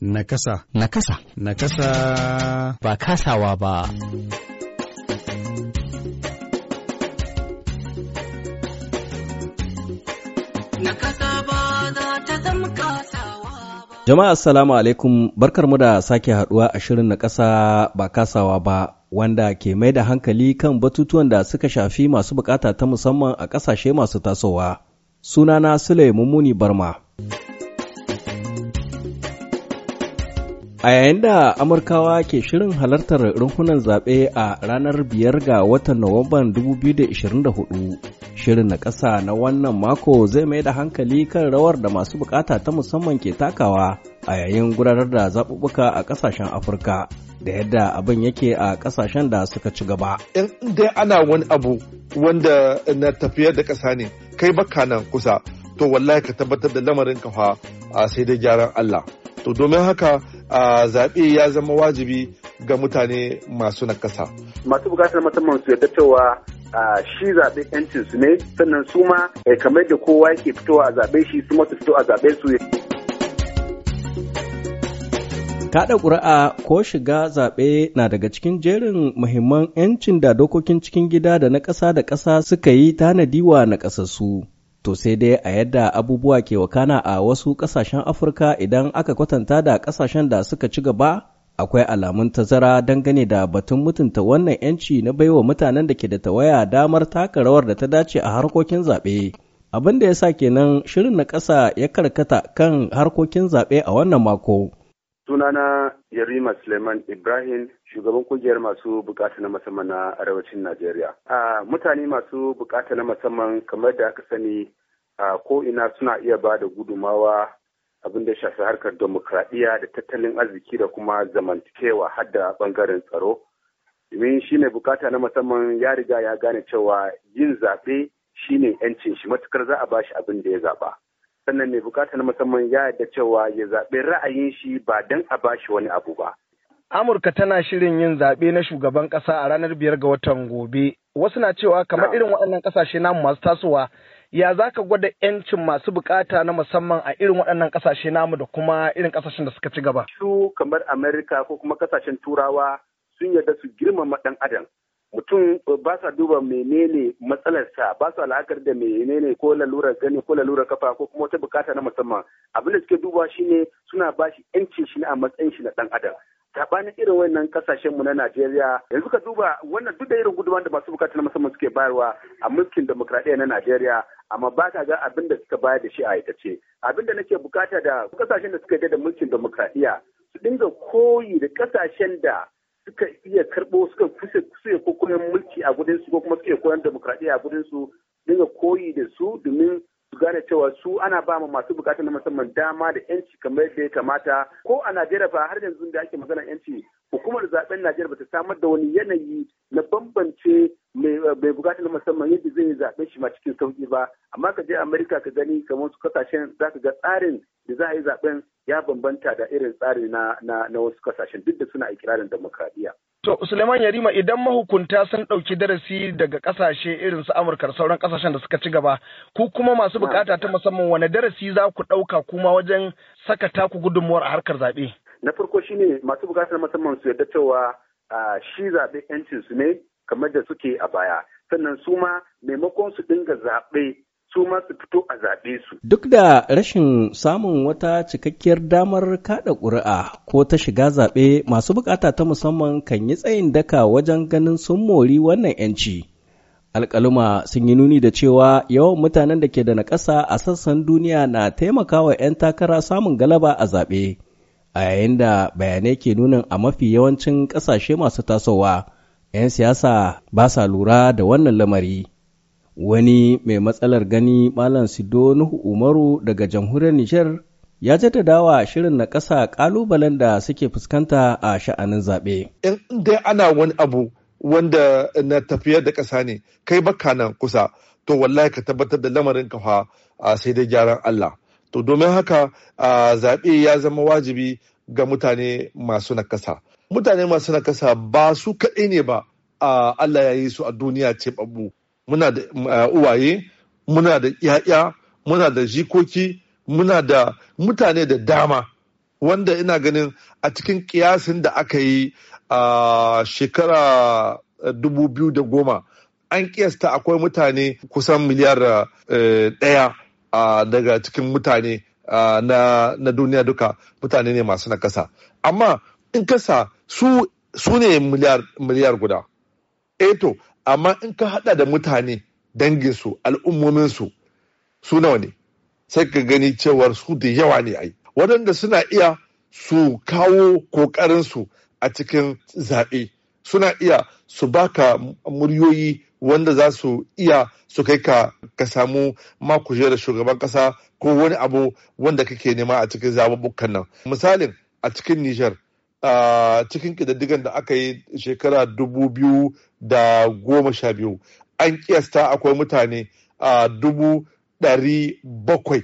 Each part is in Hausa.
Nakasa. Nakasa. Nakasa. Ba kasawa ba. Jama'a assalamu alaikum barkarmu da sake haduwa a shirin na ƙasa ba kasawa ba wanda ke mai da hankali kan batutuwan da suka shafi masu bukata ta musamman a ƙasashe masu tasowa. Sunana Sule Mummuni Barma. A yayin da Amurkawa ke shirin halartar rukunan zaɓe a ranar biyar ga watan Nuwamban 2024, shirin na ƙasa na wannan mako zai mai da hankali kan rawar da masu bukata ta musamman ke takawa a yayin gudanar da zaɓuɓɓuka a ƙasashen Afirka, da yadda abin yake a ƙasashen da suka ci gaba. In dai ana wani abu wanda na tafiyar da ƙasa ne, kai baka nan kusa, to wallahi ka tabbatar da lamarin kafa sai dai gyaran Allah. to domin haka a zaɓe ya zama wajibi ga mutane masu nakasa masu bukatar musamman su yadda cewa a shi zaɓe yancin su ne sannan su ma eh, kamar da kowa yake fitowa a zaɓe shi su masu fito a zaɓe su Kaɗa ƙuri'a ko shiga zaɓe na daga cikin jerin muhimman 'yancin da dokokin cikin gida da na ƙasa da ƙasa suka yi tanadiwa na ƙasassu. To sai dai a yadda abubuwa ke wakana a wasu ƙasashen Afirka idan aka kwatanta da ƙasashen da suka ci gaba, akwai alamun tazara dangane da batun mutunta wannan 'yanci na baiwa mutanen da ke da tawaya damar taka rawar da ta dace a harkokin zaɓe. Abin da ya sa kenan shirin na ƙasa ya karkata kan harkokin zaɓe a wannan mako. Sunana Yarima Suleiman Ibrahim, shugaban kungiyar masu bukata na musamman na arewacin Najeriya. mutane masu bukata na musamman kamar da aka sani ko ina suna iya ba da gudumawa abin da shafi harkar demokradiyya da tattalin arziki da kuma zamantakewa har da bangaren tsaro. Domin shi ne bukata na musamman ya riga ya gane cewa yin zaɓe shi ne 'yancin shi matukar za a bashi abin da ya zaɓa. sannan mai bukata na musamman ya yarda cewa ya zaɓi ra'ayin shi ba don a ba shi wani abu ba. Amurka tana shirin yin zaɓe na shugaban ƙasa a ranar biyar ga watan gobe. Wasu na cewa kamar irin waɗannan ƙasashe namu masu tasowa ya za ka gwada 'yancin masu bukata na musamman a irin waɗannan ƙasashe namu da kuma irin ƙasashen da suka ci gaba? Su kamar Amerika ko kuma ƙasashen Turawa sun yarda su girmama ɗan adam mutum ba sa duba menene matsalarsa ba su la'akar da menene ko lalurar gani ko lalurar kafa ko kuma wata bukata na musamman abin da suke duba shine suna ba shi yancin shi a matsayin shi na dan adam sabanin irin wannan kasashen mu na Najeriya yanzu ka duba wannan duk da irin gudunmawar da masu bukata na musamman suke bayarwa a mulkin demokradiyya na Najeriya amma ba ka ga abin da suka bayar da shi a aikace abin da nake bukata da kasashen da suka da mulkin demokradiyya su dinga koyi da kasashen da suka iya karɓo suka kusa suke koyon mulki a gudunsu ko kuma suke koyon demokradiyya a gudunsu daga koyi da su domin su gane cewa su ana ba masu bukatar na musamman dama da yanci kamar yadda ya kamata ko a Najeriya ba har yanzu da ake magana yanci hukumar zaben Najeriya bata samar da wani yanayi na bambance mai bukatar na musamman yadda zai zaɓe shi ma cikin sauki ba amma ka je Amerika ka gani kamar su kasashen za ka ga tsarin da za a yi zaben ya bambanta da irin tsari na wasu kasashen duk da suna ikirarin demokradiyya. To Suleiman Yarima idan mahukunta sun ɗauki darasi daga ƙasashe irin su Amurka da sauran ƙasashen da suka ci gaba, ku kuma masu bukata ta musamman wane darasi za ku ɗauka kuma wajen saka taku gudunmuwar a harkar zaɓe? Na farko shine masu buƙatar musamman su yarda cewa shi zaɓe 'yancinsu ne kamar da suke a baya. Sannan su ma maimakon su dinga zaɓe su ma su fito a zaɓe su. Duk da rashin samun wata cikakkiyar damar kaɗa ƙuri'a ko ta shiga zaɓe masu buƙata ta musamman kan yi tsayin daka wajen ganin sun mori wannan 'yanci. alkaluma sun yi nuni da cewa yawan mutanen da ke da naƙasa a sassan duniya na taimakawa 'yan takara samun galaba a zaɓe a yayin da bayanai ke nuna a mafi yawancin ƙasashe masu tasowa 'yan siyasa ba sa lura da wannan lamari Wani mai matsalar gani Malam Sido Nuhu Umaru daga jamhuriyar Nijar ya jaddadawa shirin na ƙasa ƙalubalen da suke fuskanta a sha'anin zaɓe. In dai ana wani abu wanda na tafiyar da ƙasa ne, kai baka nan kusa, to wallahi ka tabbatar da lamarin kafa sai dai gyaran Allah. To domin haka zaɓe ya zama wajibi ga mutane masu nakasa. Mutane masu nakasa ba su kaɗai ne ba Allah ya yi su a duniya ce babu. muna da uwaye muna da yaya muna da jikoki muna da mutane da dama wanda ina ganin a cikin kiyasin da aka yi a shekara dubu da goma an kiyasta akwai mutane kusan miliyar ɗaya daga cikin mutane na duniya duka mutane ne masu nakasa amma in kasa su ne miliyar guda eto eh amma in ka hada da mutane danginsu al'ummominsu su nawa ne sai ka gani cewar su da yawa ne ai waɗanda suna iya su kawo ƙoƙarinsu a cikin zaɓe suna iya su baka muryoyi wanda za su iya su kai ka ka samu makushe da shugaban ƙasa ko wani abu wanda kake nema a cikin zaɓuɓɓukan nan misalin a cikin Nijar a cikin ƙididdigan da aka yi shekara dubu biyu da goma sha biyu an kiyasta akwai mutane a dubu ɗari bakwai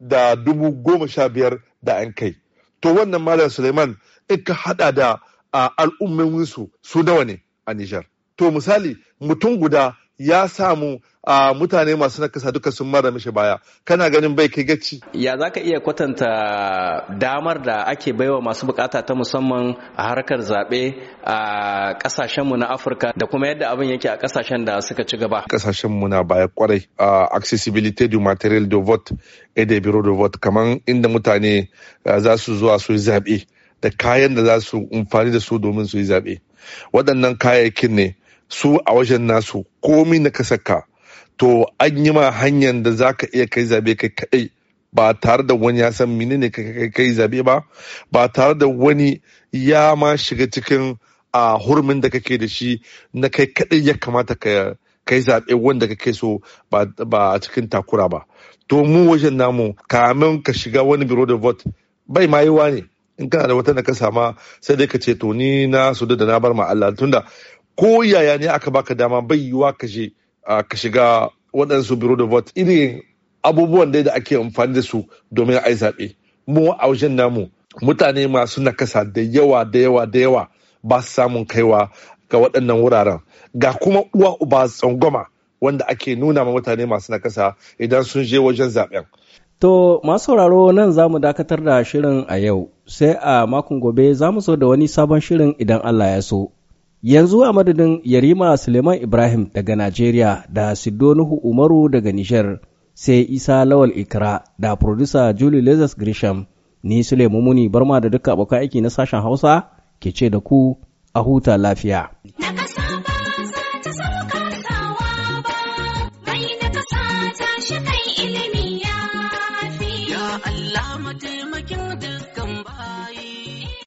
da dubu goma sha biyar da an kai to wannan malam suleiman in ka hada da al'ummominsu su nawa ne a nijar to misali mutum guda ya samu a mutane masu nakasa duka sun mara mishi baya kana ganin bai kai gaci ya za ka iya kwatanta damar da ake baiwa masu bukata ta musamman a harkar zaɓe a ƙasashenmu na afirka da kuma yadda abin yake a ƙasashen da suka ci gaba ƙasashenmu na baya kwarai accessibility du material de vote et de bureau de vote kamar inda mutane za su zuwa su yi zaɓe da kayan da za su amfani da su domin su yi zaɓe waɗannan kayayyakin ne su a wajen nasu komi na ka saka to an yi ma hanyar da za ka iya kai zabe kai kaɗai ba tare da wani ya san mini ne kai zabe ba ba tare da wani ya ma shiga cikin a hurmin da kake da shi na kai kaɗai ya kamata ka kai zaɓe wanda kake so ba a cikin takura ba to mu wajen namu kamin ka shiga wani biro da vote bai ma yiwa ne in kana da wata na ka sama sai dai ka ce to ni na su da na bar ma Allah tunda ko yaya ne aka baka dama bai yiwuwa ka je ah, ka shiga waɗansu biro da vote irin abubuwan da ake amfani da su domin a yi zaɓe mu a wajen namu mutane masu nakasa da yawa da yawa da yawa ba su samun kaiwa ga waɗannan wuraren ga kuma uwa uba tsangwama wanda ake nuna ma mutane masu nakasa idan sun je wajen zaɓen. To masu sauraro nan za mu dakatar da shirin a yau sai a makon gobe za mu so da wani sabon shirin idan Allah ya so. Yanzu a madadin Yarima Suleiman Ibrahim daga Najeriya da nuhu Umaru daga Nijar sai Isa Lawal Ikra da Producer Julie Lazarus Grisham ni Suleiman Muni Barma da duka abokan aiki na sashen Hausa ke ce da ku a huta lafiya.